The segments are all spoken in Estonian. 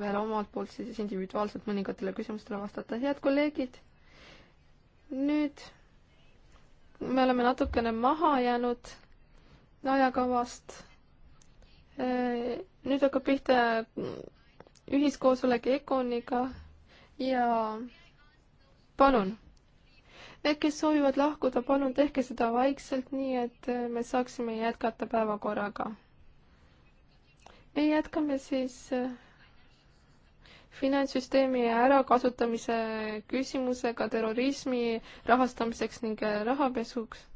veel omalt poolt siis individuaalselt mõningatele küsimustele vastata. head kolleegid, nüüd me oleme natukene maha jäänud ajakavast. Äh, nüüd hakkab pihta ühiskoosolek Econiga ja palun, need, kes soovivad lahkuda, palun tehke seda vaikselt, nii et äh, me saaksime jätkata päevakorraga. me jätkame siis äh, finantssüsteemi ärakasutamise küsimusega terrorismi rahastamiseks ning äh, rahapesuks.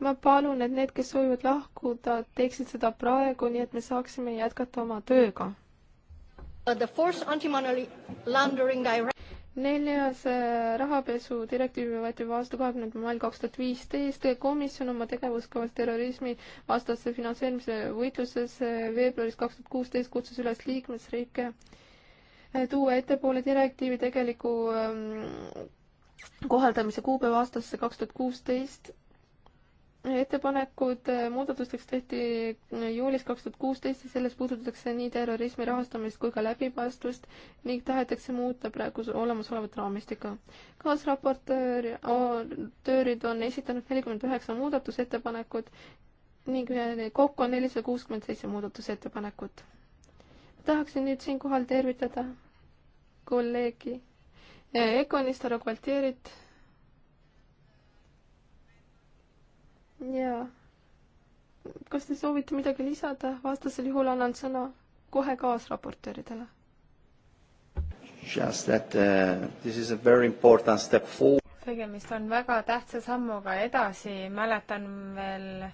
ma palun, et need, kes soovivad lahkuda, teeksid seda praegu, nii et me saaksime jätkata oma tööga. The force anti-money laundering direct- neljas äh, rahapesu direktiivi võeti vastu kahekümnendal mail kaks tuhat viisteist. komisjon oma tegevuskavas terrorismi vastase finantseerimise võitluses äh, veebruaris kaks tuhat kuusteist kutsus üles liikmesriike äh, tuua ettepoole direktiivi tegeliku ähm, kohaldamise kuupäeva aastasse kaks tuhat kuusteist ettepanekud äh, muudatusteks tehti äh, juulis kaks tuhat kuusteist ja selles puudutatakse nii terrorismi rahastamist kui ka läbipaistvust ning tahetakse muuta praegu olemasolevat raamistikku. kaasraportöörid on esitanud nelikümmend üheksa muudatusettepanekut ning kokku on nelisada kuuskümmend seitse muudatusettepanekut. tahaksin nüüd siinkohal tervitada kolleegi äh, Econist härra Gualtierit ja kas te soovite midagi lisada, vastasel juhul annan sõna kohe kaasraportööridele. Just that uh, this is a very important step forward. tegemist on väga tähtsa sammuga edasi, mäletan veel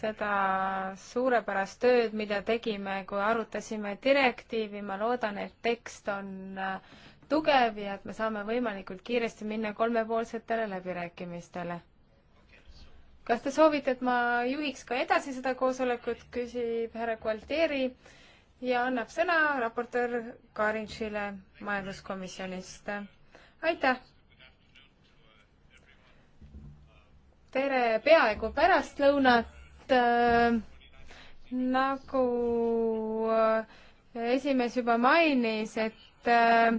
seda suurepärast tööd, mida tegime, kui arutasime direktiivi, ma loodan, et tekst on uh, tugev ja et me saame võimalikult kiiresti minna kolmepoolsetele läbirääkimistele kas te soovite, et ma juhiks ka edasi seda koosolekut, küsib härra Gualtieri ja annab sõna raportöör Karinšile majanduskomisjonist. aitäh! tere peaaegu pärastlõunat äh,! nagu äh, esimees juba mainis, et äh,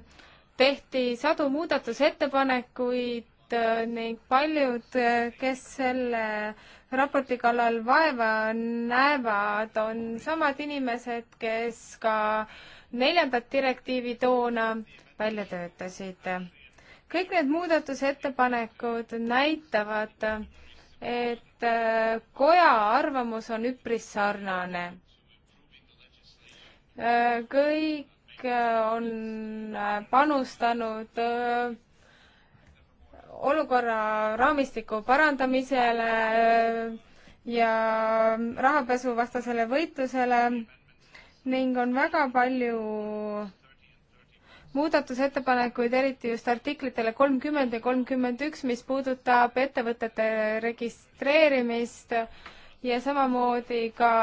tehti sadu muudatusettepanekuid Äh, ning paljud, äh, kes selle raporti kallal vaeva näevad, on samad inimesed, kes ka neljandat direktiivi toona välja töötasid. kõik need muudatusettepanekud näitavad, et äh, koja arvamus on üpris sarnane. kõik on panustanud olukorra raamistiku parandamisele ja rahapesuvastasele võitlusele ning on väga palju muudatusettepanekuid, eriti just artiklitele kolmkümmend ja kolmkümmend üks, mis puudutab ettevõtete registreerimist ja samamoodi ka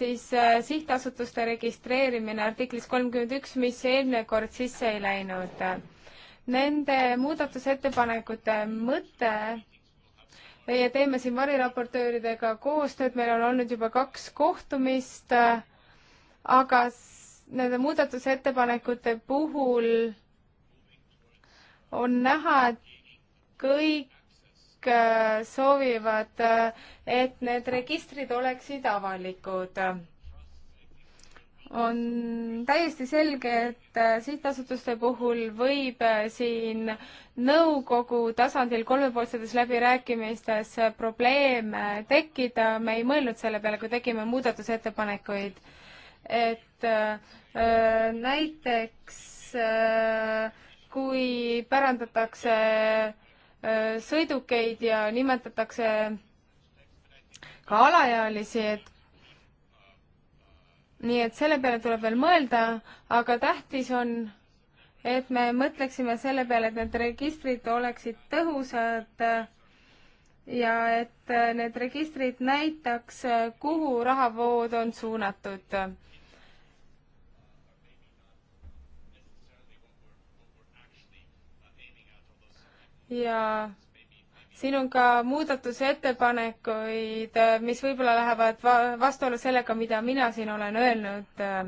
siis äh, sihtasutuste registreerimine artiklis kolmkümmend üks, mis eelmine kord sisse ei läinud Nende muudatusettepanekute mõte meie teeme siin variraportööridega koostööd, meil on olnud juba kaks kohtumist, aga nende muudatusettepanekute puhul on näha, et kõik äh, soovivad, äh, et need registrid oleksid avalikud on täiesti selge, et äh, sihtasutuste puhul võib äh, siin nõukogu tasandil kolmepoolsetes läbirääkimistes äh, probleeme tekkida, me ei mõelnud selle peale, kui tegime muudatusettepanekuid, et äh, näiteks äh, kui pärandatakse äh, sõidukeid ja nimetatakse ka alaealisi, et nii et selle peale tuleb veel mõelda, aga tähtis on, et me mõtleksime selle peale, et need registrid oleksid tõhusad ja et need registrid näitaks, kuhu rahavood on suunatud. ja siin on ka muudatusettepanekuid, äh, mis võib-olla lähevad va vastuollu sellega, mida mina siin olen öelnud. Äh.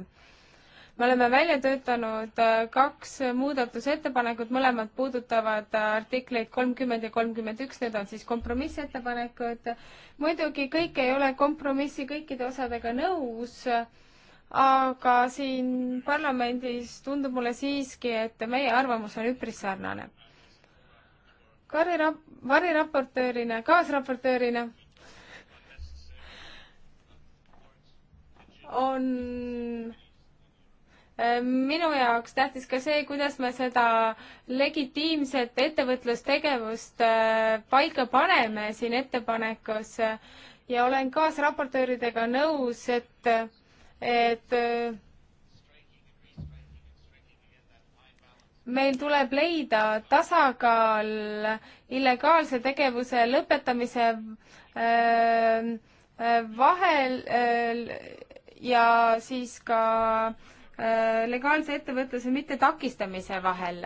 me oleme välja töötanud äh, kaks muudatusettepanekut, mõlemad puudutavad artikleid kolmkümmend ja kolmkümmend üks, need on siis kompromissettepanekud. muidugi kõik ei ole kompromissi kõikide osadega nõus aga siin parlamendis tundub mulle siiski, et meie arvamus on üpris sarnane. Kari rap-, variraportöörina, kaasraportöörina on äh, minu jaoks tähtis ka see, kuidas me seda legitiimset ettevõtlustegevust äh, paika paneme siin ettepanekus ja olen kaasraportööridega nõus, et, et äh, meil tuleb leida tasakaal illegaalse tegevuse lõpetamise äh, äh, vahel äh, ja siis ka legaalse ettevõtluse mittetakistamise vahel.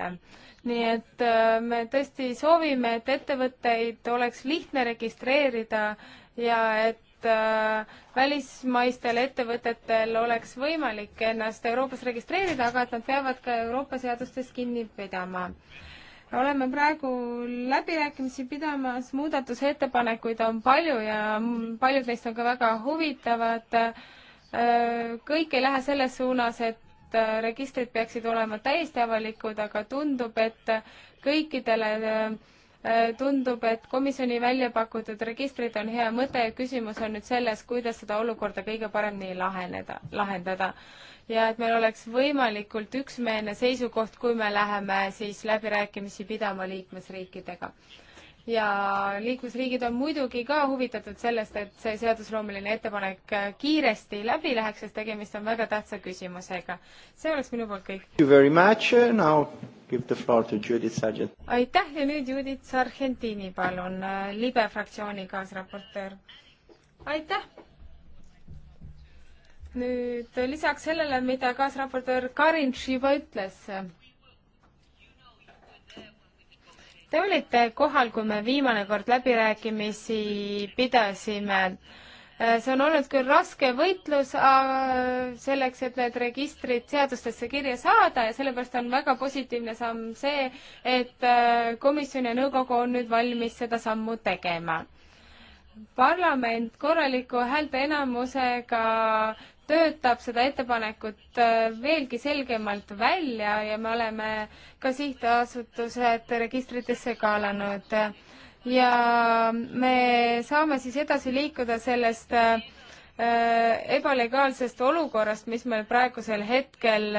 nii et me tõesti soovime, et ettevõtteid oleks lihtne registreerida ja et Äh, välismaistel ettevõtetel oleks võimalik ennast Euroopas registreerida, aga et nad peavad ka Euroopa seadustest kinni pidama. oleme praegu läbirääkimisi pidamas, muudatusettepanekuid on palju ja paljud neist on ka väga huvitavad. Äh, kõik ei lähe selles suunas, et äh, registrid peaksid olema täiesti avalikud, aga tundub, et kõikidele Äh, tundub, et komisjoni välja pakutud registrid on hea mõte ja küsimus on nüüd selles, kuidas seda olukorda kõige paremini laheneda, lahendada. ja et meil oleks võimalikult üksmeelne seisukoht, kui me läheme siis läbirääkimisi pidama liikmesriikidega ja liikmesriigid on muidugi ka huvitatud sellest, et see seadusloomeline ettepanek äh, kiiresti läbi läheks, sest tegemist on väga tähtsa küsimusega. see oleks minu poolt kõik. Uh, aitäh ja nüüd Judith Sargentini, palun, äh, libe fraktsiooni kaasraportöör. aitäh! nüüd lisaks sellele, mida kaasraportöör Karinš juba ütles Te olite kohal, kui me viimane kord läbirääkimisi pidasime. Äh, see on olnud küll raske võitlus äh, selleks, et need registrid seadustesse kirja saada ja sellepärast on väga positiivne samm see, et äh, komisjon ja nõukogu on nüüd valmis seda sammu tegema parlament korraliku häälteenamusega töötab seda ettepanekut äh, veelgi selgemalt välja ja me oleme ka sihtasutused registritesse kaalanud. ja me saame siis edasi liikuda sellest äh, äh, ebalegaalsest olukorrast, mis meil praegusel hetkel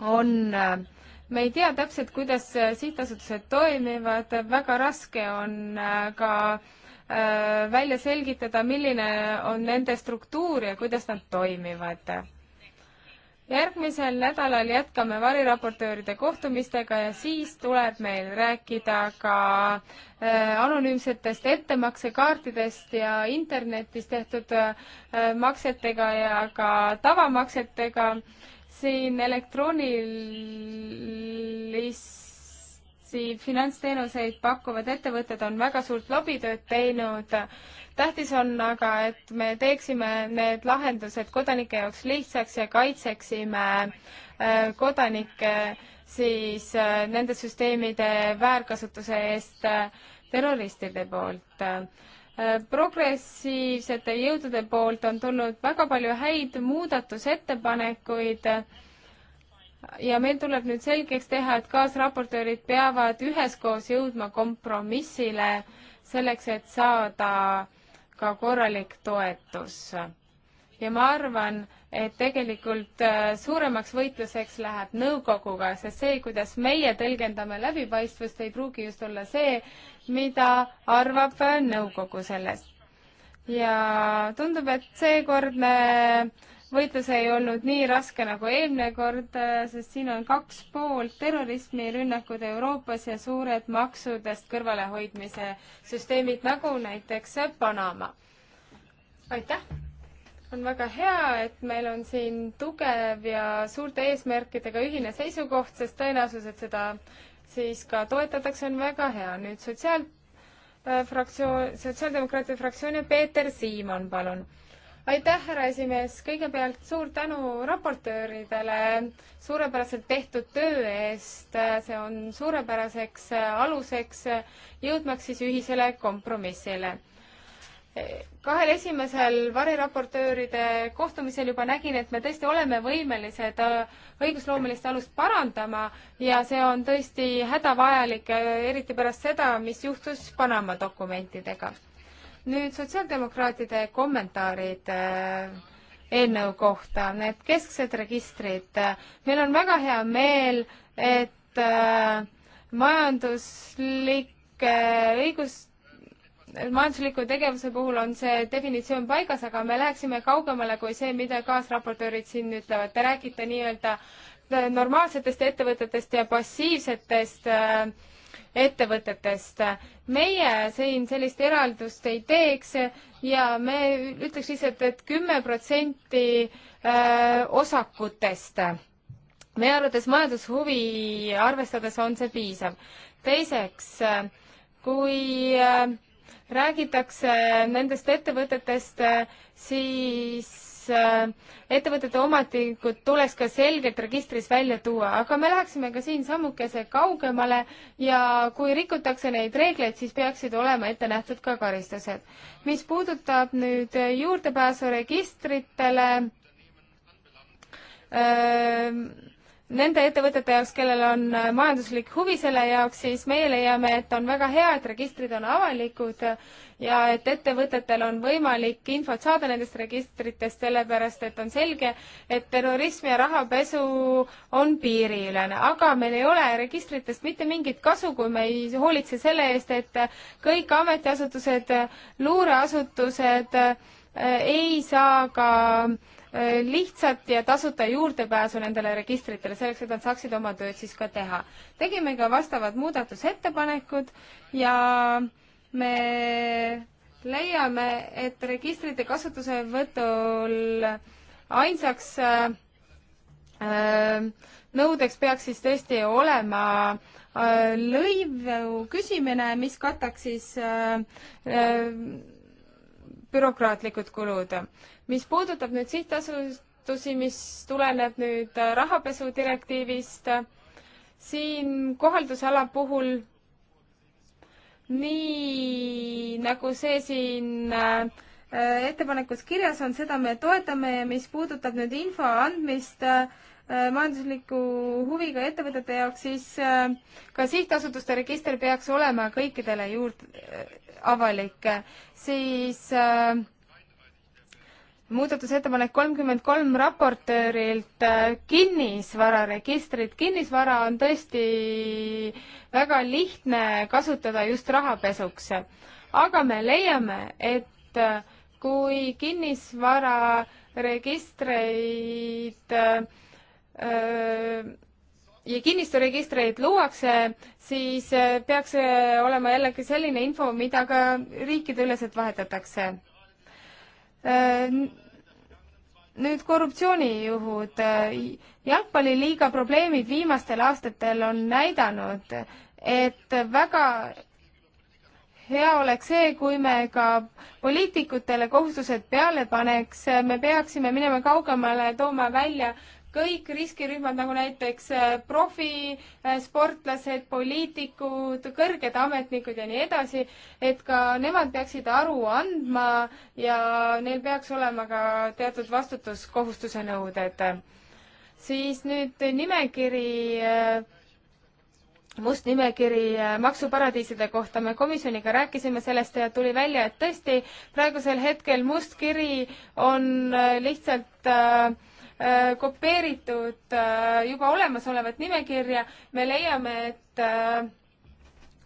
on. me ei tea täpselt, kuidas sihtasutused toimivad, väga raske on ka äh, Äh, välja selgitada, milline on nende struktuur ja kuidas nad toimivad. järgmisel nädalal jätkame variraportööride kohtumistega ja siis tuleb meil rääkida ka äh, anonüümsetest ettemaksekaartidest ja internetis tehtud äh, maksetega ja ka tavamaksetega siin elektroonilist olulisi finantsteenuseid pakkuvad ettevõtted on väga suurt lobitööd teinud. tähtis on aga, et me teeksime need lahendused kodanike jaoks lihtsaks ja kaitseksime äh, kodanikke siis äh, nende süsteemide väärkasutuse eest äh, terroristide poolt progressiivsete jõudude poolt on tulnud väga palju häid muudatusettepanekuid ja meil tuleb nüüd selgeks teha, et kaasraportöörid peavad üheskoos jõudma kompromissile selleks, et saada ka korralik toetus. ja ma arvan, et tegelikult äh, suuremaks võitluseks läheb nõukoguga, sest see, kuidas meie tõlgendame läbipaistvust, ei pruugi just olla see, mida arvab nõukogu sellest. ja tundub, et seekordne võitlus ei olnud nii raske nagu eelmine kord, äh, sest siin on kaks poolt, terrorismirünnakud Euroopas ja suured maksudest kõrvalehoidmise süsteemid, nagu näiteks Panama. aitäh! on väga hea, et meil on siin tugev ja suurte eesmärkidega ühine seisukoht, sest tõenäosus, et seda siis ka toetatakse, on väga hea. nüüd sotsiaal- äh,, fraktsioon, Sotsiaaldemokraatide fraktsioon ja Peeter Siimann, palun aitäh, härra esimees, kõigepealt suur tänu raportööridele suurepäraselt tehtud töö eest, see on suurepäraseks aluseks jõudmaks siis ühisele kompromissile. kahel esimesel variraportööride kohtumisel juba nägin, et me tõesti oleme võimelised õigusloomelist alust parandama ja see on tõesti hädavajalik, eriti pärast seda, mis juhtus Panama dokumentidega nüüd sotsiaaldemokraatide kommentaarid äh, eelnõu kohta, need kesksed registrid. meil on väga hea meel, et äh, majanduslik äh, õigus, majandusliku tegevuse puhul on see definitsioon paigas, aga me läheksime kaugemale kui see, mida kaasraportöörid siin ütlevad. Te räägite nii-öelda normaalsetest ettevõtetest ja passiivsetest äh, ettevõtetest. meie siin sellist eraldust ei teeks ja me ütleks lihtsalt et, et kümme protsenti äh, osakutest. meie arvates majandushuvi arvestades on see piisav. teiseks, kui äh, räägitakse nendest ettevõtetest, äh, siis Äh, ettevõtete omanikud tuleks ka selgelt registris välja tuua, aga me läheksime ka siin sammukese kaugemale ja kui rikutakse neid reegleid, siis peaksid olema ette nähtud ka karistused. mis puudutab nüüd juurdepääsu registritele öö, ähm, nende ettevõtete jaoks, kellel on majanduslik huvi selle jaoks, siis meie leiame, et on väga hea, et registrid on avalikud ja et ettevõtetel on võimalik infot saada nendest registritest, sellepärast et on selge, et terrorism ja rahapesu on piiriülene, aga meil ei ole registritest mitte mingit kasu, kui me ei hoolitse selle eest, et kõik ametiasutused, luureasutused eh, ei saa ka eh, lihtsat ja tasuta juurdepääsu nendele registritele, selleks et nad saaksid oma tööd siis ka teha. tegime ka vastavad muudatusettepanekud ja äh, me leiame, et registrite kasutuselevõtul ainsaks äh, äh, nõudeks peaks siis tõesti olema äh, lõivu küsimine, mis kataks siis äh, äh bürokraatlikud kulud. mis puudutab nüüd sihtasutusi, mis tuleneb nüüd äh, rahapesu direktiivist, siin kohaldusala puhul nii nagu see siin äh, ettepanekus kirjas on, seda me toetame ja mis puudutab nüüd info andmist äh, majandusliku huviga ettevõtete jaoks, siis äh, ka sihtasutuste register peaks olema kõikidele juurde avalik, siis äh, muudatusettepanek kolmkümmend kolm raportöörilt äh, kinnisvararegistrit. kinnisvara on tõesti väga lihtne kasutada just rahapesuks, aga me leiame, et äh, kui kinnisvararegistreid öö, äh, ja kinnisturegistreid luuakse, siis peaks olema jällegi selline info, mida ka riikideüleselt vahetatakse Äh, nüüd korruptsioonijuhud. Äh, jalgpalliliiga probleemid viimastel aastatel on näidanud, et väga hea oleks see, kui me ka poliitikutele kohustused peale paneks, me peaksime minema kaugemale, tooma välja kõik riskirühmad, nagu näiteks äh, profisportlased, äh, poliitikud, kõrged ametnikud ja nii edasi, et ka nemad peaksid aru andma ja neil peaks olema ka teatud vastutuskohustuse nõuded. siis nüüd nimekiri äh, must nimekiri maksuparadiiside kohta. me komisjoniga rääkisime sellest ja tuli välja, et tõesti praegusel hetkel must kiri on lihtsalt äh, Äh, kopeeritud äh, juba olemasolevat nimekirja, me leiame, et äh,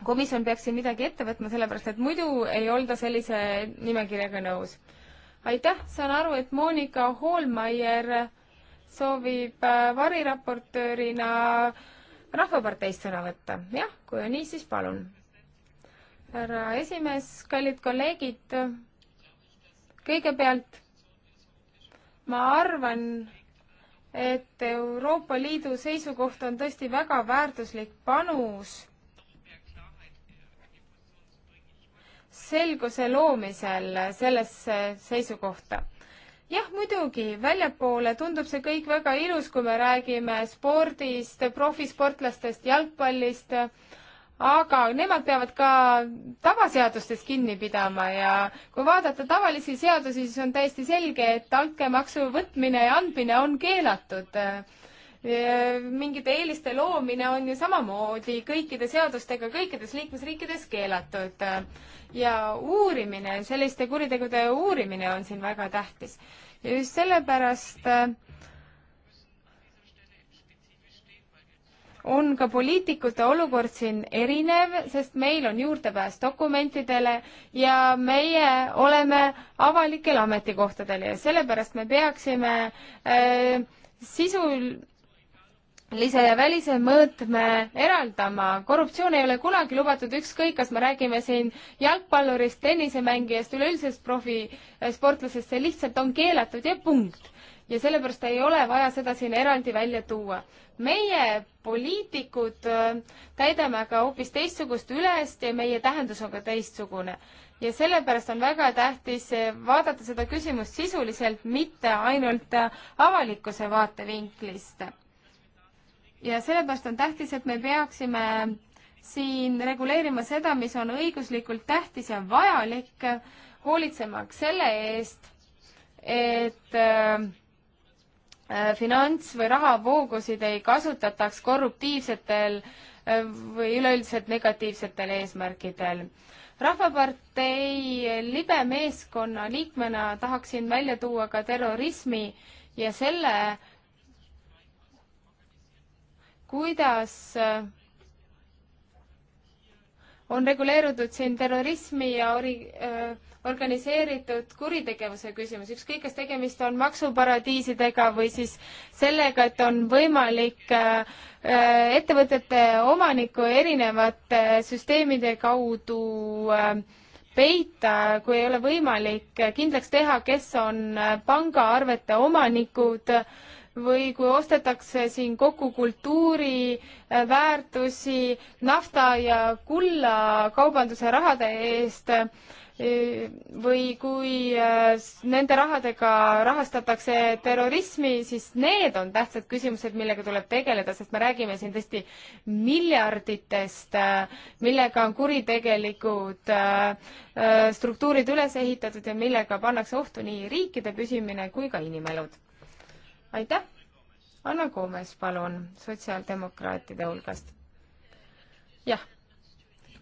komisjon peaks siin midagi ette võtma, sellepärast et muidu ei olda sellise nimekirjaga nõus. aitäh, saan aru, et Monika Hoolmeier soovib variraportöörina Rahvaparteist sõna võtta. jah, kui on nii, siis palun. härra esimees, kallid kolleegid, kõigepealt ma arvan, et Euroopa Liidu seisukoht on tõesti väga väärtuslik panus selguse loomisel sellesse seisukohta. jah, muidugi, väljapoole tundub see kõik väga ilus, kui me räägime spordist, profisportlastest, jalgpallist, aga nemad peavad ka tavaseadustest kinni pidama ja kui vaadata tavalisi seadusi, siis on täiesti selge, et altkäemaksu võtmine ja andmine on keelatud. mingite eeliste loomine on ju samamoodi kõikide seadustega kõikides liikmesriikides keelatud. ja uurimine, selliste kuritegude uurimine on siin väga tähtis. ja just sellepärast äh, on ka poliitikute olukord siin erinev, sest meil on juurdepääs dokumentidele ja meie oleme avalikel ametikohtadel ja sellepärast me peaksime äh, sisulise ja välise mõõtme eraldama. korruptsioon ei ole kunagi lubatud, ükskõik, kas me räägime siin jalgpallurist, tennisemängijast, üleüldisest profisportlasest, äh, see lihtsalt on keelatud ja punkt ja sellepärast ei ole vaja seda siin eraldi välja tuua. meie, poliitikud, äh, täidame aga hoopis teistsugust ülest ja meie tähendus on ka teistsugune. ja sellepärast on väga tähtis äh, vaadata seda küsimust sisuliselt, mitte ainult äh, avalikkuse vaatevinklist. ja sellepärast on tähtis, et me peaksime siin reguleerima seda, mis on õiguslikult tähtis ja vajalik, hoolitsemaks selle eest, et äh, Äh, finants- või rahavoogusid ei kasutataks korruptiivsetel äh, või üleüldiselt negatiivsetel eesmärkidel. rahvapartei libe meeskonna liikmena tahaksin välja tuua ka terrorismi ja selle, kuidas äh, on reguleeritud siin terrorismi ja ori-, organiseeritud kuritegevuse küsimus, ükskõik, kas tegemist on maksuparadiisidega või siis sellega, et on võimalik äh, äh, ettevõtete omaniku erinevate süsteemide kaudu äh, peita, kui ei ole võimalik kindlaks teha, kes on pangaarvete omanikud või kui ostetakse siin kokku kultuuriväärtusi äh, nafta ja kulla kaubanduse rahade eest äh, või kui äh, nende rahadega rahastatakse terrorismi, siis need on tähtsad küsimused, millega tuleb tegeleda, sest me räägime siin tõesti miljarditest, millega on kuritegelikud struktuurid üles ehitatud ja millega pannakse ohtu nii riikide püsimine kui ka inimelud aitäh! Anna Koomes, palun, sotsiaaldemokraatide hulgast. jah,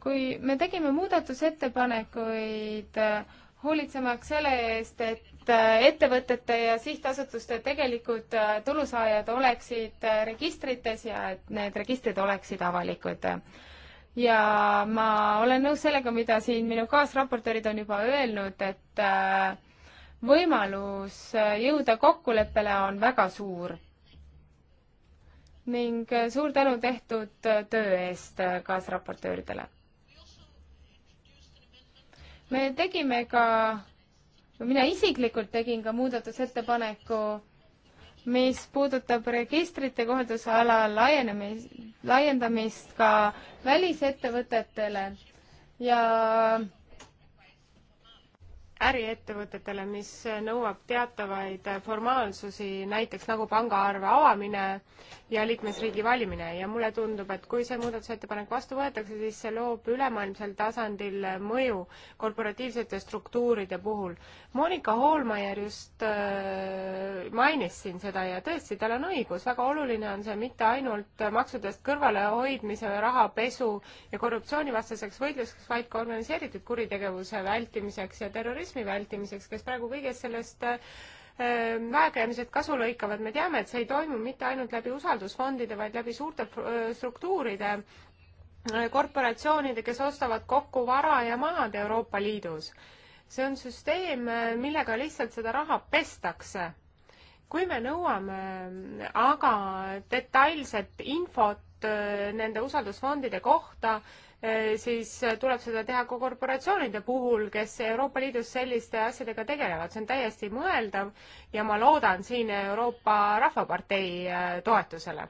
kui me tegime muudatusettepanekuid äh, hoolitsemaks selle eest, et äh, ettevõtete ja sihtasutuste tegelikud äh, tulusaajad oleksid registrites ja et need registrid oleksid avalikud. ja ma olen nõus sellega, mida siin minu kaasraportöörid on juba öelnud, et võimalus äh, jõuda kokkuleppele on väga suur. ning äh, suur tänu tehtud äh, töö eest kaasraportööridele. me tegime ka, mina isiklikult tegin ka muudatusettepaneku, mis puudutab registrite kohaldusala laienemis, laiendamist ka välisettevõtetele ja äriettevõtetele, mis nõuab teatavaid formaalsusi, näiteks nagu pangaarve avamine ja liikmesriigi valimine ja mulle tundub, et kui see muudatusettepanek vastu võetakse, siis see loob ülemaailmsel tasandil mõju korporatiivsete struktuuride puhul. Monika Hoolmeier just äh, mainis siin seda ja tõesti, tal on õigus, väga oluline on see mitte ainult maksudest kõrvalehoidmise, rahapesu ja korruptsioonivastaseks võitluseks, vaid ka organiseeritud kuritegevuse vältimiseks ja terrorismi terrorismi vältimiseks, kes praegu kõigest sellest äh, väekäämised kasu lõikavad, me teame, et see ei toimu mitte ainult läbi usaldusfondide, vaid läbi suurte äh, struktuuride, äh, korporatsioonide, kes ostavad kokku vara ja maad Euroopa Liidus. see on süsteem, millega lihtsalt seda raha pestakse. kui me nõuame aga detailset infot nende usaldusfondide kohta, Eh, siis eh, tuleb seda teha ka korporatsioonide puhul, kes Euroopa Liidus selliste asjadega tegelevad, see on täiesti mõeldav ja ma loodan siin Euroopa Rahvapartei eh, toetusele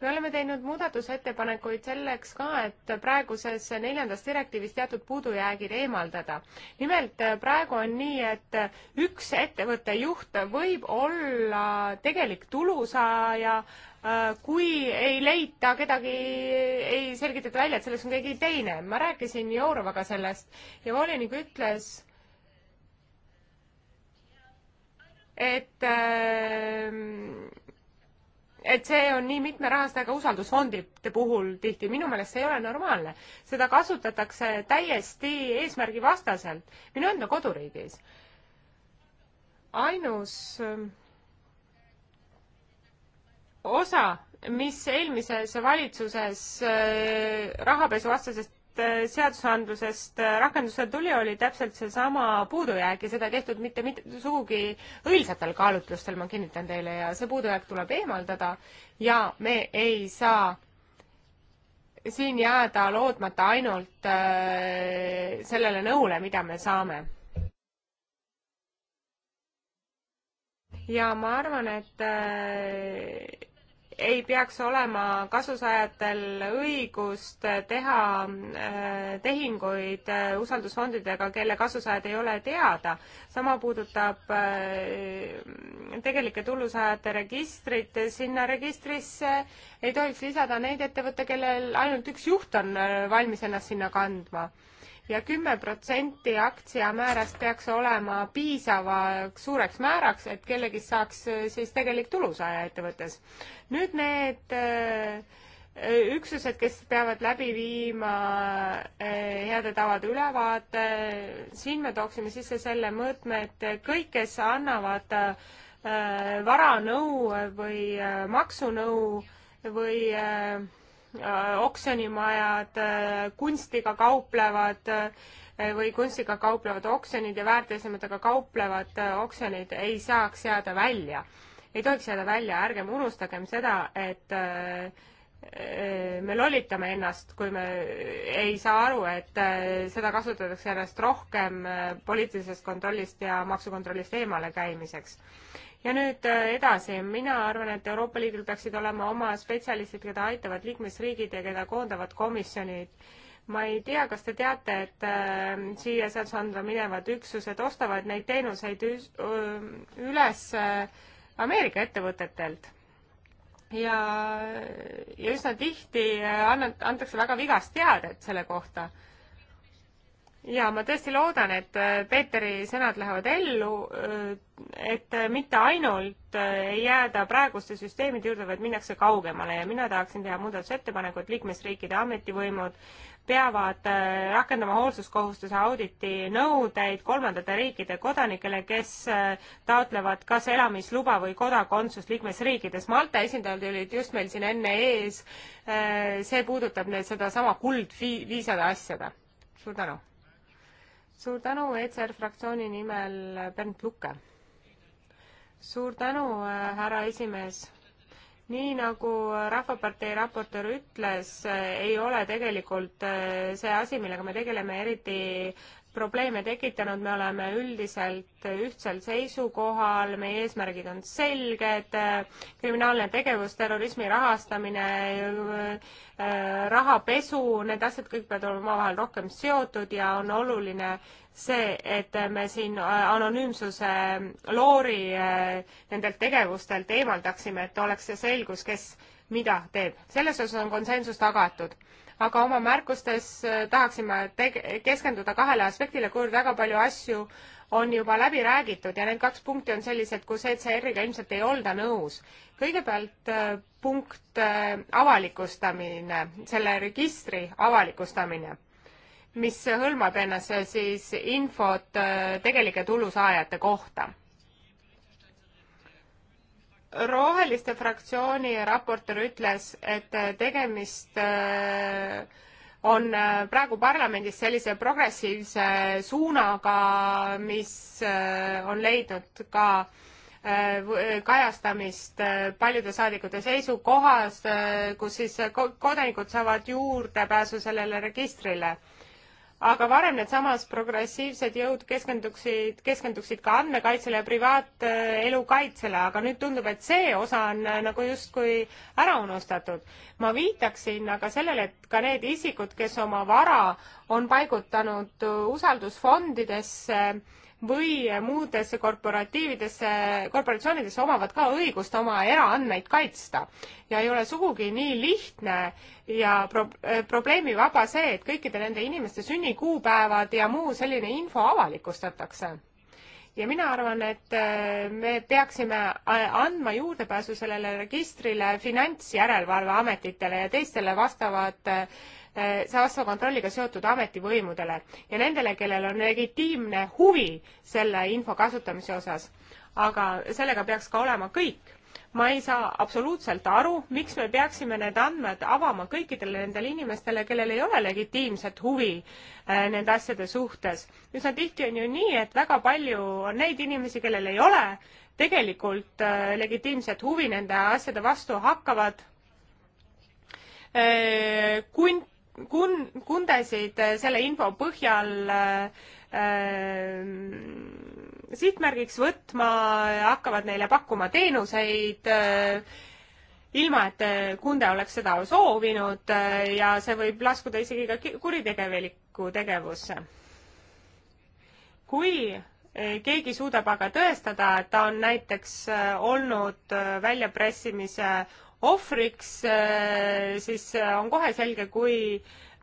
me oleme teinud muudatusettepanekuid selleks ka, et praeguses neljandas direktiivis teatud puudujäägid eemaldada. nimelt praegu on nii, et üks ettevõtte juht võib olla tegelik tulusaaja, kui ei leita kedagi, ei selgitata välja, et selles on keegi teine. ma rääkisin Jourovaga sellest ja volinik ütles, et äh, et see on nii mitme rahastajaga usaldusfondide puhul tihti, minu meelest see ei ole normaalne. seda kasutatakse täiesti eesmärgivastaselt, minu enda koduriigis. ainus ähm, osa, mis eelmises valitsuses äh, rahapesuvastasest Äh, seadusandlusest äh, rakenduse tuli, oli täpselt seesama puudujääk ja seda ei tehtud mitte, mitte sugugi õilsatel kaalutlustel, ma kinnitan teile, ja see puudujääk tuleb eemaldada ja me ei saa siin jääda lootmata ainult äh, sellele nõule, mida me saame. ja ma arvan, et äh, ei peaks olema kasusaajatel õigust teha äh, tehinguid äh, usaldusfondidega, kelle kasusaajad ei ole teada. sama puudutab äh, tegelike tulusaajate registrit, sinna registrisse ei tohiks lisada neid ettevõtte, kellel ainult üks juht on valmis ennast sinna kandma ja kümme protsenti aktsiamäärast peaks olema piisava suureks määraks, et kellegist saaks äh, siis tegelik tulusaaja ettevõttes. nüüd need äh, üksused, kes peavad läbi viima äh, heade tavade ülevaate, siin me tooksime sisse selle mõõtme, et kõik, kes annavad varanõu või maksunõu või Äh, oksjonimajad, äh, kunstiga kauplevad äh, või kunstiga kauplevad oksjonid ja väärteosemetega kauplevad oksjonid ei saaks jääda välja. ei tohiks jääda välja, ärgem unustagem seda, et me lollitame ennast, kui me ei saa aru, et seda kasutatakse järjest rohkem poliitilisest kontrollist ja maksukontrollist eemale käimiseks ja nüüd äh, edasi, mina arvan, et Euroopa Liidul peaksid olema oma spetsialistid, keda aitavad liikmesriigid ja keda koondavad komisjonid. ma ei tea, kas te teate, et äh, siia seadusandla minevad üksused ostavad neid teenuseid üles äh, Ameerika ettevõtetelt ja, ja üsna tihti äh, annab, antakse väga vigast teadet selle kohta ja ma tõesti loodan, et äh, Peeteri sõnad lähevad ellu, äh, et äh, mitte ainult ei jääda praeguste süsteemide juurde, vaid minnakse kaugemale ja mina tahaksin teha muudatusettepaneku, et liikmesriikide ametivõimud peavad rakendama hoolsuskohustuse auditi nõudeid kolmandate riikide kodanikele, kes taotlevad kas elamisluba või kodakondsust liikmesriikides. Malta esindajad olid just meil siin enne ees. see puudutab nüüd sedasama kuldviisade asjada. suur tänu suur tänu ECR fraktsiooni nimel, äh, Bernt Lukke. suur tänu, äh, härra esimees nii nagu äh, Rahvapartei raportöör ütles, ei ole tegelikult see asi, millega me tegeleme, eriti probleeme tekitanud, me oleme üldiselt ühtsel seisukohal, meie eesmärgid on selged, kriminaalne tegevus, terrorismi rahastamine, rahapesu, need asjad kõik peavad olema omavahel rohkem seotud ja on oluline see, et me siin anonüümsuse loori nendelt tegevustelt eemaldaksime, et oleks see selgus, kes mida teeb. selles osas on konsensus tagatud aga oma märkustes äh, tahaksime keskenduda kahele aspektile, kuivõrd väga palju asju on juba läbi räägitud ja need kaks punkti on sellised, kus ECR-iga ilmselt ei olda nõus. kõigepealt äh, punkt äh, avalikustamine, selle registri avalikustamine, mis hõlmab endas siis infot tegelike tulusaajate kohta roheliste fraktsiooni raportöör ütles, et tegemist äh, on äh, praegu parlamendis sellise progressiivse suunaga, mis äh, on leidnud ka kajastamist paljude saadikute seisukohas, kus siis kodanikud saavad juurdepääsu sellele registrile aga varem needsamas progressiivsed jõud keskenduksid, keskenduksid ka andmekaitsele ja privaatelu kaitsele, aga nüüd tundub, et see osa on äh, nagu justkui ära unustatud. ma viitaksin aga sellele, et ka need isikud, kes oma vara on paigutanud äh, usaldusfondidesse, või muudesse korporatiividesse, korporatsioonidesse omavad ka õigust oma eraandmeid kaitsta. ja ei ole sugugi nii lihtne ja pro-, äh, probleemivaba see, et kõikide nende inimeste sünnikuupäevad ja muu selline info avalikustatakse ja mina arvan, et äh, me peaksime äh, andma juurdepääsu sellele registrile Finantsjärelevalveametitele ja teistele vastavate äh, vastava äh, kontrolliga seotud ametivõimudele ja nendele, kellel on legitiimne huvi selle info kasutamise osas. aga sellega peaks ka olema kõik ma ei saa absoluutselt aru, miks me peaksime need andmed avama kõikidele nendele inimestele, kellel ei ole legitiimset huvi äh, nende asjade suhtes. üsna tihti on ju nii, et väga palju on neid inimesi, kellel ei ole tegelikult äh, legitiimset huvi nende asjade vastu, hakkavad äh, kunt kun-, kundesid äh, selle info põhjal äh, äh, sihtmärgiks võtma, hakkavad neile pakkuma teenuseid äh,, ilma et äh, kunde oleks seda soovinud äh, ja see võib laskuda isegi ka kuritegelikku tegevusse. kui äh, keegi suudab aga tõestada, et ta on näiteks olnud väljapressimise ohvriks, äh, siis äh, on kohe selge, kui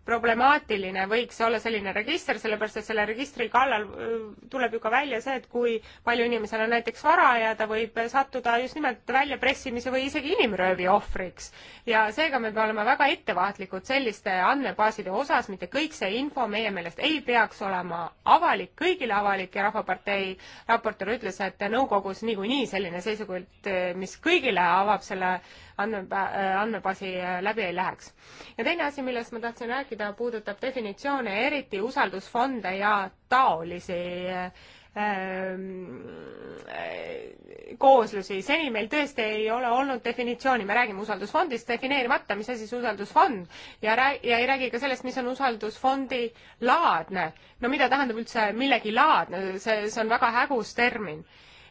problemaatiline võiks olla selline register, sellepärast et selle registri kallal äh, tuleb ju ka välja see, et kui palju inimesel on näiteks vara ja ta võib sattuda just nimelt väljapressimise või isegi inimröövi ohvriks. ja seega me peame olema väga ettevaatlikud selliste andmebaaside osas, mitte kõik see info meie meelest ei peaks olema avalik, kõigile avalik ja Rahvapartei raportöör ütles, et nõukogus niikuinii selline seisukoht, äh, mis kõigile avab selle andmeba-, äh, andmebaasi läbi ei läheks. ja teine asi, millest ma tahtsin rääkida, rääkida, puudutab definitsioone, eriti usaldusfonde ja taolisi ähm, äh, kooslusi. seni meil tõesti ei ole olnud definitsiooni, me räägime usaldusfondist defineerimata, mis asi see usaldusfond ja rää-, ja ei räägi ka sellest, mis on usaldusfondi laadne. no mida tähendab üldse millegi laadne, see, see on väga hägus termin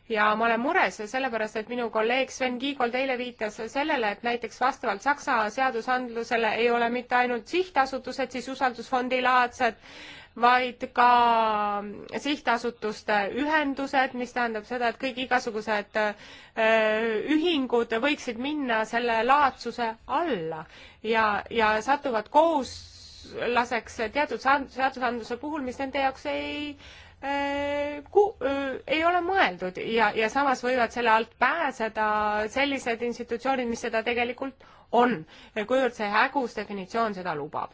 ja ma olen mures sellepärast, et minu kolleeg Sven Kiigold eile viitas sellele, et näiteks vastavalt Saksa seadusandlusele ei ole mitte ainult sihtasutused siis usaldusfondi laadsed, vaid ka sihtasutuste ühendused, mis tähendab seda, et kõik igasugused äh, ühingud võiksid minna selle laadsuse alla ja, ja satuvad kooslaseks teatud seadusandluse puhul, mis nende jaoks ei äh, ku-, äh, ei ole mõeldud ja, ja samas võivad selle alt pääseda sellised institutsioonid, mis seda tegelikult on, kuivõrd see hägus definitsioon seda lubab.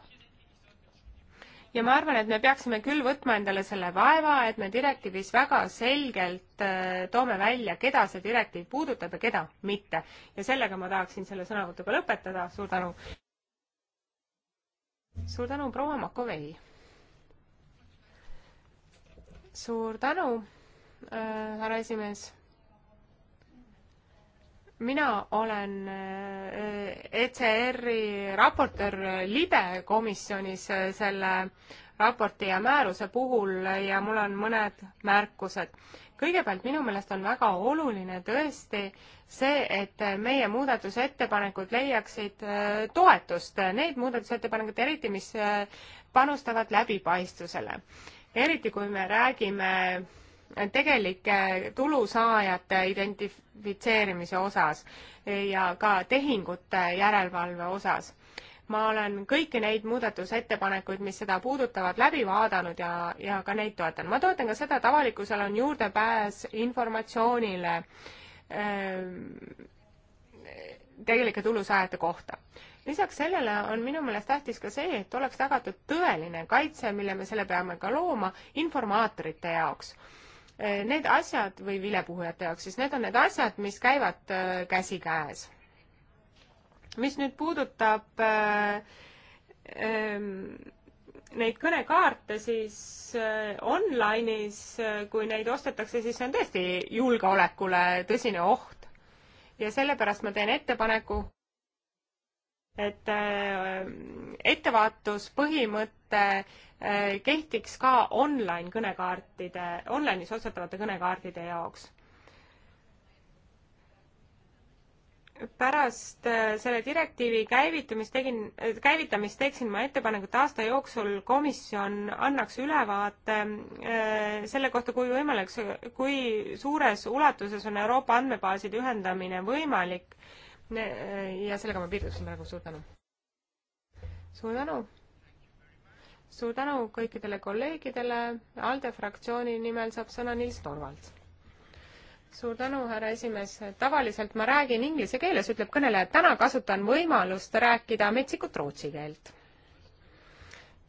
ja ma arvan, et me peaksime küll võtma endale selle vaeva, et me direktiivis väga selgelt äh, toome välja, keda see direktiiv puudutab ja keda mitte. ja sellega ma tahaksin selle sõnavõtuga lõpetada, suur tänu! suur tänu, proua Makovei! suur tänu, äh, härra esimees. mina olen äh, ECR-i raportöör libe komisjonis äh, selle raporti ja määruse puhul ja mul on mõned märkused. kõigepealt minu meelest on väga oluline tõesti see, et meie muudatusettepanekud leiaksid toetust, need muudatusettepanekud eriti, mis panustavad läbipaistvusele eriti kui me räägime tegelike tulusaajate identifitseerimise osas ja ka tehingute järelevalve osas. ma olen kõiki neid muudatusettepanekuid, mis seda puudutavad, läbi vaadanud ja, ja ka neid toetan. ma toetan ka seda, et avalikkusel on juurdepääs informatsioonile öö, ähm, tegelike tulusaajate kohta lisaks sellele on minu meelest tähtis ka see, et oleks tagatud tõeline kaitse, mille me selle peame ka looma informaatorite jaoks. Eh, need asjad või vilepuhujate jaoks, siis need on need asjad, mis käivad eh, käsikäes. mis nüüd puudutab äh, äh, neid kõnekaarte siis äh, online'is, kui neid ostetakse, siis see on tõesti julgeolekule tõsine oht. ja sellepärast ma teen ettepaneku et äh, ettevaatuspõhimõte äh, kehtiks ka online kõnekaartide, online'is ostetavate kõnekaartide jaoks. pärast äh, selle direktiivi käivitumist tegin, käivitamist teeksin ma ettepaneku, et aasta jooksul komisjon annaks ülevaate selle kohta, kui võimalik, kui suures ulatuses on Euroopa andmebaaside ühendamine võimalik Äh, ja sellega ma piirduksin praegu, suur tänu. suur tänu. suur tänu kõikidele kolleegidele, ALDE fraktsiooni nimel saab sõna Nils Torvalds. suur tänu, härra esimees, tavaliselt ma räägin inglise keeles, ütleb kõneleja, täna kasutan võimalust rääkida metsikut rootsi keelt.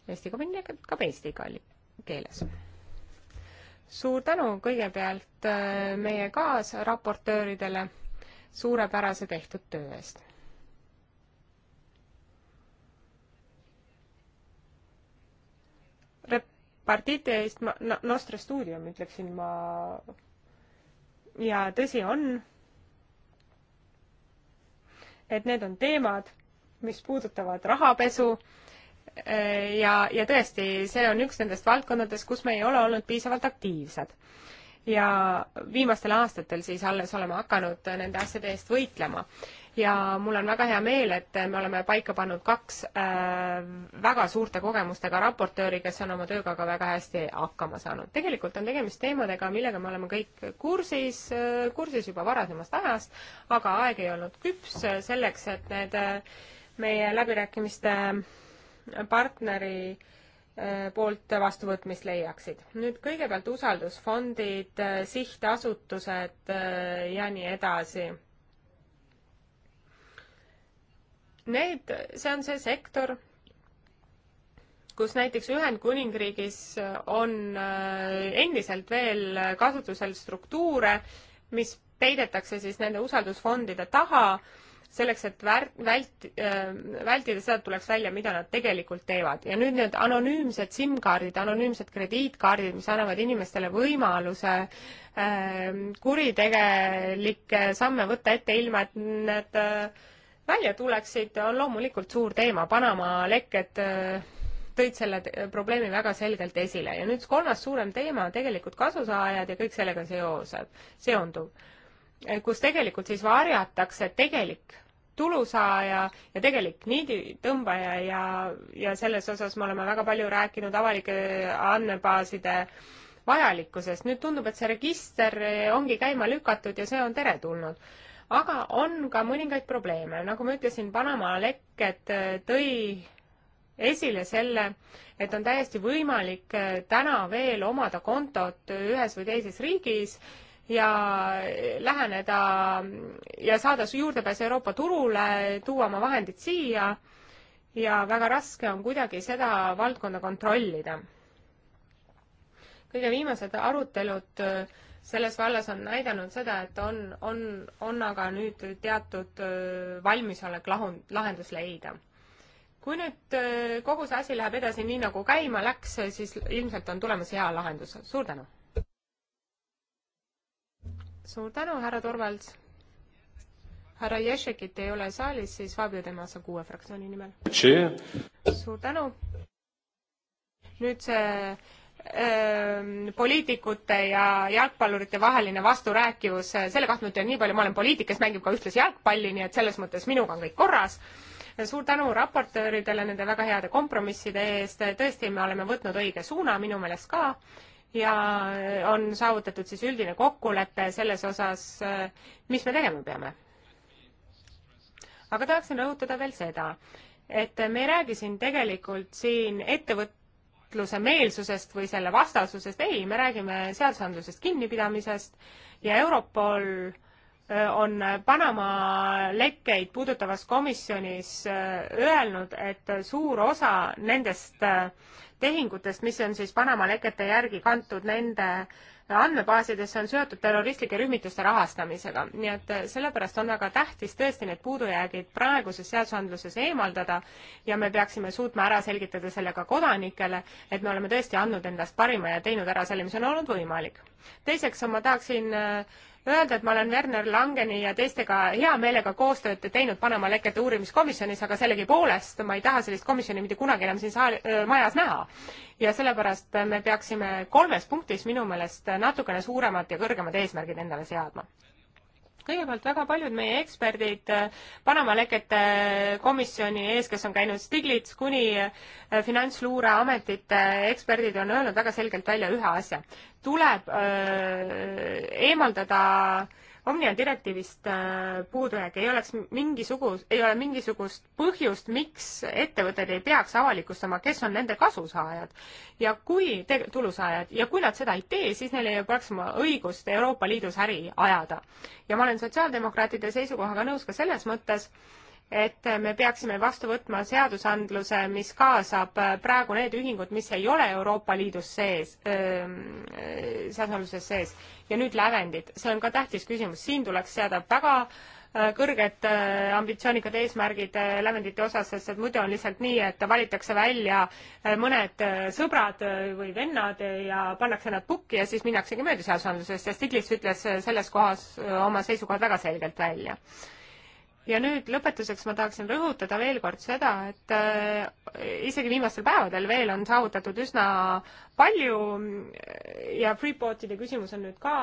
Eesti kabineti, ka eesti keeles suur tänu kõigepealt äh, meie kaasraportööridele suurepärase tehtud töö eest. Repartite eest ma, no, Nostra Studium ütleksin ma ja tõsi on, et need on teemad, mis puudutavad rahapesu eh, ja, ja tõesti, see on üks nendest valdkondadest, kus me ei ole olnud piisavalt aktiivsed ja viimastel aastatel siis alles oleme hakanud nende asjade eest võitlema. ja mul on väga hea meel, et me oleme paika pannud kaks äh, väga suurte kogemustega raportööri, kes on oma tööga ka väga hästi hakkama saanud. tegelikult on tegemist teemadega, millega me oleme kõik kursis, äh, kursis juba varasemast ajast, aga aeg ei olnud küps selleks, et need äh, meie läbirääkimiste partneri äh, Äh, poolt vastuvõtmist leiaksid. nüüd kõigepealt usaldusfondid, äh, sihtasutused äh, ja nii edasi. Need, see on see sektor, kus näiteks Ühendkuningriigis on endiselt veel kasutusel struktuure, mis peidetakse siis nende usaldusfondide taha äh, selleks, et väär-, vält-, äh, vältida seda, et tuleks välja, mida nad tegelikult teevad. ja nüüd need anonüümsed SIM-kaardid, anonüümsed krediitkaardid, mis annavad inimestele võimaluse ähm, kuritegelikke samme võtta ette, ilma et need äh, välja tuleksid, on loomulikult suur teema. Panama lekked äh, tõid selle probleemi väga selgelt esile ja nüüd kolmas suurem teema on tegelikult kasusaajad ja kõik sellega seosed, seonduv Eh, kus tegelikult siis varjatakse tegelik tulusaaja ja tegelik niiditõmbaja ja, ja selles osas me oleme väga palju rääkinud avalike andmebaaside vajalikkusest. nüüd tundub, et see register eh, ongi käima lükatud ja see on teretulnud. aga on ka mõningaid probleeme, nagu ma ütlesin, Panama lekked eh, tõi esile selle, et on täiesti võimalik täna veel omada kontot ühes või teises riigis ja läheneda ja saada juurdepääs Euroopa turule, tuua oma vahendid siia ja väga raske on kuidagi seda valdkonda kontrollida. kõige viimased arutelud äh, selles vallas on näidanud seda, et on, on, on aga nüüd teatud äh, valmisolek lahun-, lahendus leida. kui nüüd äh, kogu see asi läheb edasi nii, nagu käima läks, siis ilmselt on tulemas hea lahendus. suur tänu! suur tänu, härra Torvalds. härra Ješekit ei ole saalis, siis Fabio Temasa kuue fraktsiooni nimel. suur tänu. nüüd see ähm, poliitikute ja jalgpallurite vaheline vasturääkivus, äh, selle kahtlemata on nii palju, ma olen poliitikas, mängib ka ühtlasi jalgpalli, nii et selles mõttes minuga on kõik korras. suur tänu raportööridele nende väga heade kompromisside eest, tõesti, me oleme võtnud õige suuna minu meelest ka ja on saavutatud siis üldine kokkulepe selles osas, mis me tegema peame. aga tahaksin rõhutada veel seda, et me ei räägi siin tegelikult siin ettevõtluse meelsusest või selle vastasusest, ei, me räägime seadusandlusest kinnipidamisest ja Europol on Panama lekkeid puudutavas komisjonis öelnud, et suur osa nendest tehingutest, mis on siis Panama lekete järgi kantud nende andmebaasidesse, on seotud terroristlike rühmituste rahastamisega. nii et äh, sellepärast on väga tähtis tõesti need puudujäägid praeguses seadusandluses eemaldada ja me peaksime suutma ära selgitada selle ka kodanikele, et me oleme tõesti andnud endast parima ja teinud ära selle, mis on olnud võimalik. teiseks ma tahaksin äh, öelda, et ma olen Werner Langeni ja teistega hea meelega koostööd teinud Panama lekete uurimiskomisjonis, aga sellegipoolest ma ei taha sellist komisjoni mitte kunagi enam siin saal-, majas näha. ja sellepärast me peaksime kolmes punktis minu meelest natukene suuremad ja kõrgemad eesmärgid endale seadma kõigepealt väga paljud meie eksperdid äh, Panama lekete äh, komisjoni ees, kes on käinud Stiglitz kuni äh, finantsluureametite eksperdid on öelnud väga selgelt välja ühe asja. tuleb öö, eemaldada öö, Omnia direktiivist äh, puudujääk, ei oleks mingisugust, ei ole mingisugust põhjust, miks ettevõtted ei peaks avalikustama, kes on nende kasusaajad ja kui, tulusaajad, ja kui nad seda ei tee, siis neil ei peaks olema õigust Euroopa Liidus äri ajada. ja ma olen sotsiaaldemokraatide seisukohaga nõus ka selles mõttes, et me peaksime vastu võtma seadusandluse, mis kaasab äh, praegu need ühingud, mis ei ole Euroopa Liidus sees, ähm, äh, seadusandluses sees ja nüüd lävendid, see on ka tähtis küsimus, siin tuleks seada väga äh, kõrged ambitsioonikad eesmärgid lävendite osas, sest et muidu on lihtsalt nii, et valitakse välja mõned sõbrad või vennad ja pannakse nad pukki ja siis minnaksegi mööda seadusandlusest ja Stiglitz ütles selles kohas oma seisukohad väga selgelt välja ja nüüd lõpetuseks ma tahaksin rõhutada veel kord seda, et äh, isegi viimastel päevadel veel on saavutatud üsna palju äh, ja Freeportide küsimus on nüüd ka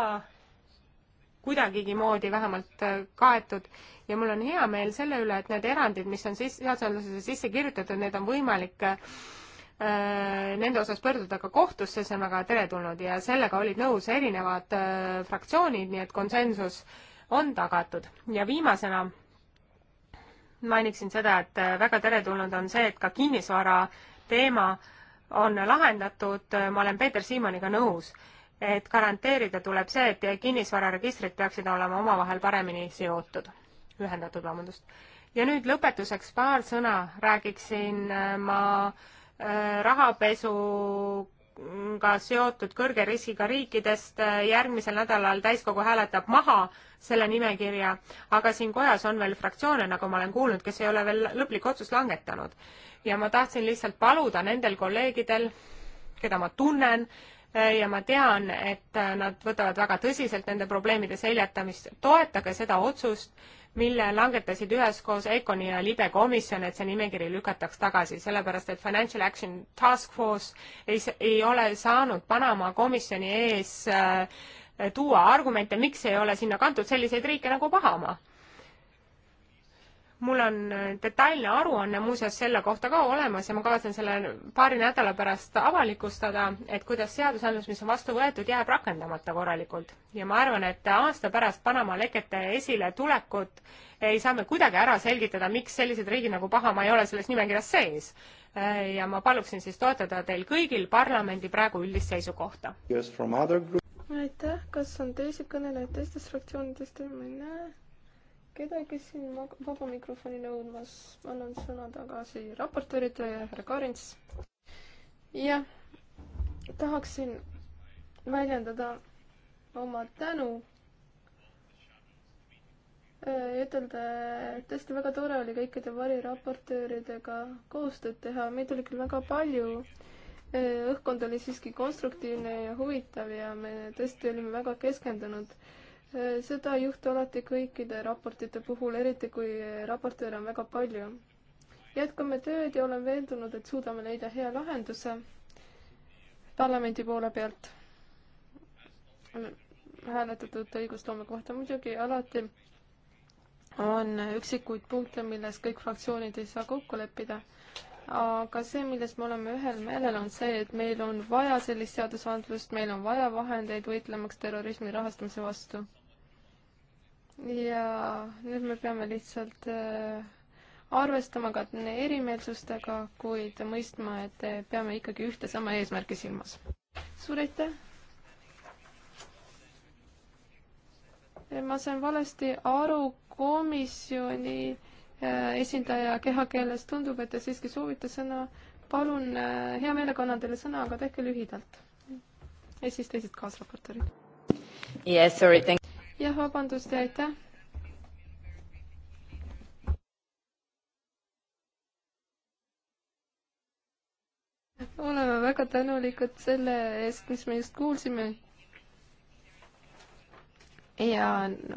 kuidagigi moodi vähemalt äh, kaetud ja mul on hea meel selle üle, et need erandid, mis on siis seadusandlusesse sisse kirjutatud, need on võimalik äh, nende osas pöörduda ka kohtusse, see on väga teretulnud ja sellega olid nõus erinevad äh, fraktsioonid, nii et konsensus on tagatud. ja viimasena mainiksin seda, et äh, väga teretulnud on see, et ka kinnisvara teema on lahendatud, äh, ma olen Peeter Siimoniga nõus, et garanteerida tuleb see, et kinnisvararegistrid peaksid olema omavahel paremini seotud, ühendatud, vabandust. ja nüüd lõpetuseks paar sõna räägiksin äh, ma rahapesu ka seotud kõrge riskiga riikidest, järgmisel nädalal täiskogu hääletab maha selle nimekirja, aga siin kojas on veel fraktsioone, nagu ma olen kuulnud, kes ei ole veel lõplikku otsust langetanud. ja ma tahtsin lihtsalt paluda nendel kolleegidel, keda ma tunnen, ja ma tean, et nad võtavad väga tõsiselt nende probleemide seljatamist, toetage seda otsust mille langetasid üheskoos ECONi ja libe komisjon, et see nimekiri lükataks tagasi, sellepärast et Financial Action Task Force ei, ei ole saanud Panama komisjoni ees äh, tuua argumente, miks ei ole sinna kantud selliseid riike nagu Bahama mul on äh, detailne aruanne muuseas selle kohta ka olemas ja ma kavatsen selle paari nädala pärast avalikustada, et kuidas seadusandlus, mis on vastu võetud, jääb rakendamata korralikult. ja ma arvan, et aasta pärast Panama lekete esiletulekut ei saa me kuidagi ära selgitada, miks sellised riigid nagu Pahamaa ei ole selles nimekirjas sees. Äh, ja ma paluksin siis toetada teil kõigil parlamendi praegu üldist seisukohta. aitäh, kas on teisi kõnelejaid teistest fraktsioonidest, ei ma ei näe kedagi siin vaba mikrofoni nõudmas, annan sõna tagasi raportööridele, härra Karins. jah, tahaksin väljendada oma tänu. Äh, ütelda, tõesti väga tore oli kõikide variraportööridega koostööd teha, meid oli küll väga palju. Äh, õhkkond oli siiski konstruktiivne ja huvitav ja me tõesti olime väga keskendunud seda ei juhtu alati kõikide raportite puhul, eriti kui raportööre on väga palju. jätkame tööd ja olen veendunud, et suudame leida hea lahenduse parlamendi poole pealt hääletatud õigusloome kohta muidugi alati on üksikuid punkte, milles kõik fraktsioonid ei saa kokku leppida, aga see, milles me oleme ühel meelel, on see, et meil on vaja sellist seadusandlust, meil on vaja vahendeid võitlemaks terrorismi rahastamise vastu ja nüüd me peame lihtsalt äh, arvestama ka erimeelsustega, kuid mõistma, et peame ikkagi ühte sama eesmärki silmas. suur aitäh! ma sain valesti aru komisjoni äh, esindaja kehakeeles, tundub, et te siiski soovite sõna. palun, äh, hea meelega annan teile sõna, aga tehke lühidalt. ja siis teised kaasraportorid. Yes, sorry, thank you jah, vabandust ja aitäh. oleme väga tänulikud selle eest, mis me just kuulsime. ja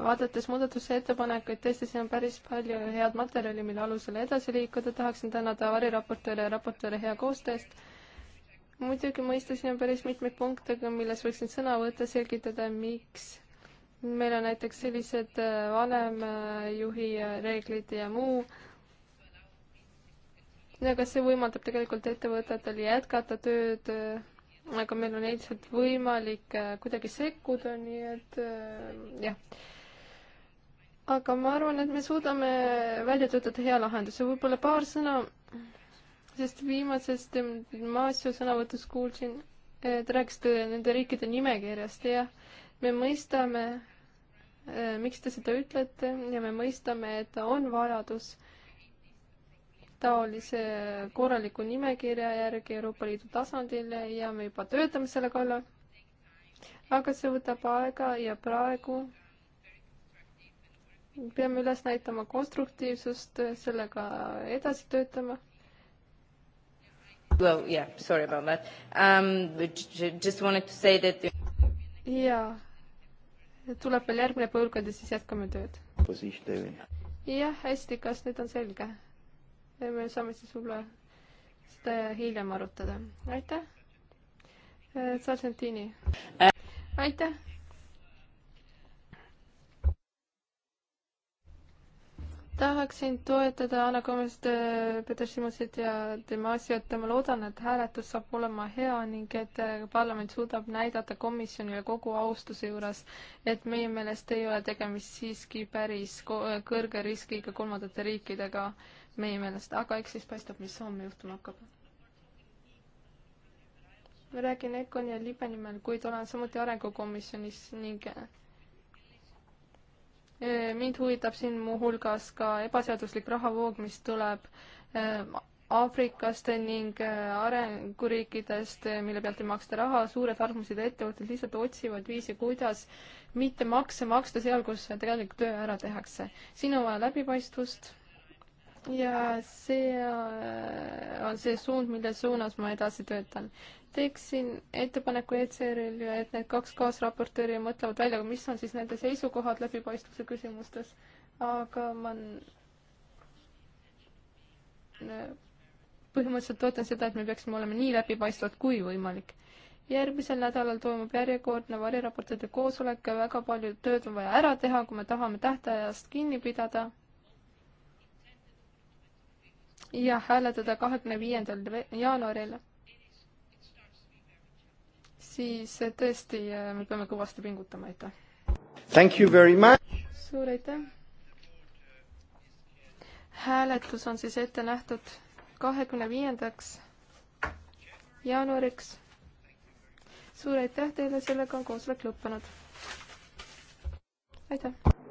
vaadates muudatusettepanekuid, tõesti, siin on päris palju head materjali, mille alusel edasi liikuda, tahaksin tänada variraportööre ja raportööre hea koostöö eest muidugi mõista, siin on päris mitmeid punkte, milles võiksin sõna võtta, selgitada, miks meil on näiteks sellised äh, vanemjuhi äh, reeglid ja muu. aga see võimaldab tegelikult ettevõtetel jätkata tööd, äh, aga meil on endiselt võimalik kuidagi sekkuda, nii et jah. aga ma arvan, et me suudame välja töötada hea lahenduse, võib-olla paar sõna, sest viimasest Maasio sõnavõtust kuulsin, te rääkisite nende riikide nimekirjast, jah. me mõistame Äh, miks te seda ütlete ja me mõistame, et on vajadus taolise korraliku nimekirja järgi Euroopa Liidu tasandil ja me juba töötame selle kallal. aga see võtab aega ja praegu peame üles näitama konstruktiivsust, sellega edasi töötama. Well, yeah, sorry about that um,. Just wanted to say that. jaa tuleb veel järgmine põlvkond ja siis jätkame tööd. jah, hästi, kas nüüd on selge? me saame siis võib-olla seda hiljem arutada. aitäh. Sargentini. aitäh. tahaksin toetada Anna Komest, äh, Peeter Simonsit ja Demasiat ja ma loodan, et hääletus saab olema hea ning et äh, parlament suudab näidata komisjonile kogu austuse juures, et meie meelest ei ole tegemist siiski päris kõrge riskiga kolmandate riikidega meie meelest, aga eks siis paistab, mis homme juhtuma hakkab. ma räägin Econ ja Libe nimel, kuid olen samuti arengukomisjonis ning mind huvitab siin muuhulgas ka ebaseaduslik rahavoog, mis tuleb ähm, Aafrikast ning äh, arenguriikidest, äh, mille pealt ei maksta raha, suured armusid ettevõtted lihtsalt otsivad viisi, kuidas mitte makse maksta seal, kus tegelikult töö ära tehakse. siin on vaja läbipaistvust ja see äh, on see suund, mille suunas ma edasi töötan. teeksin ettepaneku ECR-ile, et need kaks kaasraportööri mõtlevad välja, mis on siis nende seisukohad läbipaistvuse küsimustes, aga ma põhimõtteliselt toetan seda, et me peaksime olema nii läbipaistvad kui võimalik. järgmisel nädalal toimub järjekordne variraportide koosolek ja väga palju tööd on vaja ära teha, kui me tahame tähtajast kinni pidada ja hääletada kahekümne viiendal jaanuaril, siis eh, tõesti eh, me peame kõvasti pingutama, aitäh! suur aitäh! hääletus on siis ette nähtud kahekümne viiendaks jaanuariks. suur aitäh teile, sellega on koosolek lõppenud. aitäh!